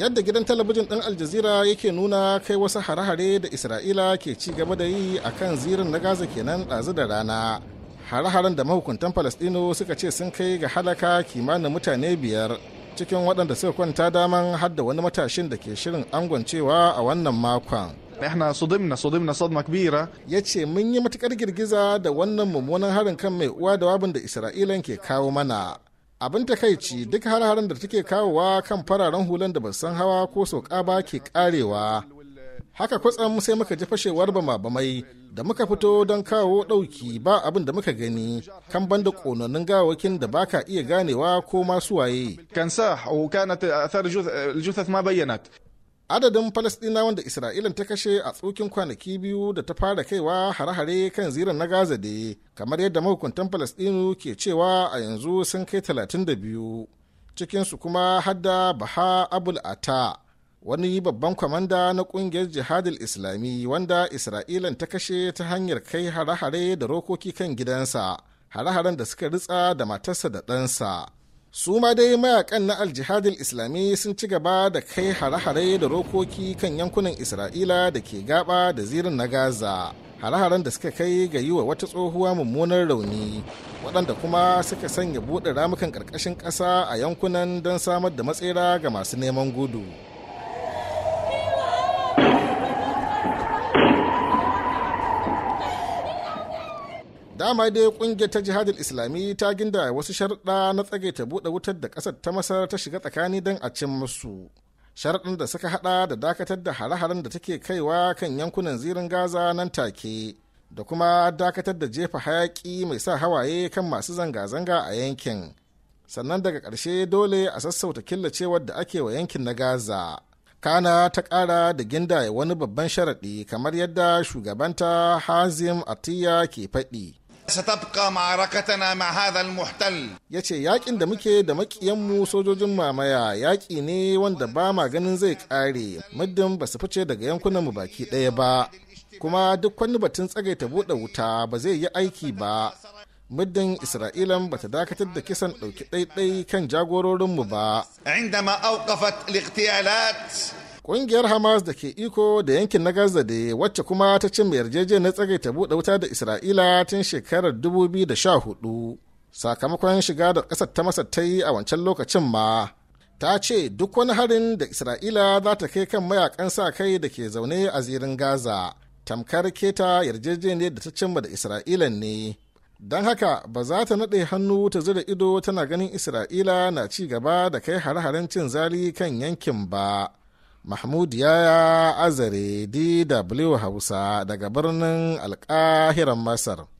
yadda gidan talabijin ɗin aljazira yake nuna kai wasu hare-hare da isra'ila ke ci gaba da yi a kan zirin na gaza kenan ɗazu da rana hare-haren da mahukuntan falastino suka ce sun kai ga halaka kimanin mutane biyar cikin waɗanda suka kwanta daman har da wani matashin da ke shirin angoncewa a wannan makon احنا صدمنا صدمنا صدمه كبيره yace mun yi matukar girgiza da wannan mummunan harin kan mai uwa da wabin da isra'ilan ke kawo mana abin takaici duk har-haren da take kawowa kan fararen hulan da ba san hawa ko sauka ba ke karewa haka kwatsam sai muka ji fashewar bama bamai da muka fito don kawo ɗauki ba abin da muka gani kan banda ƙononin gawakin da baka iya ganewa ko masu waye kansa ta athar ma bayyana. adadin falasɗinawan da isra'ilan ta kashe a tsokin kwanaki biyu da ta fara kaiwa hare-hare kan ziran na gaza da kamar yadda mahukuntan falasɗinu ke cewa a yanzu sun kai 32 cikinsu kuma hadda baha abul ata wani babban kwamanda na kungiyar jihadil islami wanda isra'ilan ta kashe ta hanyar kai hare-hare da rokoki kan gidansa hare-haren da suka ritsa da matarsa da ɗansa su ma dai mayakan na aljihadil islami sun ci gaba da kai hare-hare da rokoki kan yankunan isra'ila da ke gaba da zirin na gaza hare-haren da suka kai ga yi wa wata tsohuwa mummunar rauni waɗanda kuma suka sanya buɗe ramukan ƙarƙashin ƙasa a yankunan don samar da matsera ga masu neman gudu dama dai kungiyar ta jihadin islami ta ginda wasu sharɗa na tsage ta buɗe wutar da ƙasar ta masar ta shiga tsakani don a cin musu sharɗin da suka haɗa da dakatar da hare-haren da take kaiwa kan yankunan zirin gaza nan take da kuma dakatar da jefa hayaƙi mai sa hawaye kan masu zanga-zanga a yankin sannan daga ƙarshe dole a sassauta killacewar da ake wa yankin na gaza kana ta ƙara da gindaya wani babban sharaɗi kamar yadda shugabanta hazim atiya ke faɗi ستبقى معركتنا مع هذا المحتل yace yakin da muke da makiyanmu sojojin mamaya yaki ne wanda ba ma ganin zai kare muddin ba su fice daga yankunan mu baki ɗaya ba kuma duk wani batun tsagaita buɗe wuta ba zai yi aiki ba muddin isra'ilan ba ta dakatar da kisan ɗauki ɗaiɗai kan jagororin mu ba. عندما أوقفت الاغتيالات Ƙungiyar Hamas da ke iko da yankin na Gaza da wacce kuma ta cimma yarjejeniyar na ta buɗe wuta da Isra'ila tun shekarar 2014 sakamakon shiga da ƙasar ta Masar ta yi a wancan lokacin ma. Ta ce duk wani harin da Isra'ila za ta kai kan mayakan sa kai da ke zaune a zirin Gaza tamkar keta yarjejeniyar da ta cimma da Isra'ila ne. don haka ba za ta naɗe hannu ta zura ido tana ganin isra'ila na ci gaba da kai hare-haren cin zali kan yankin ba mahmud yaya azare dw hausa daga birnin alkahiran masar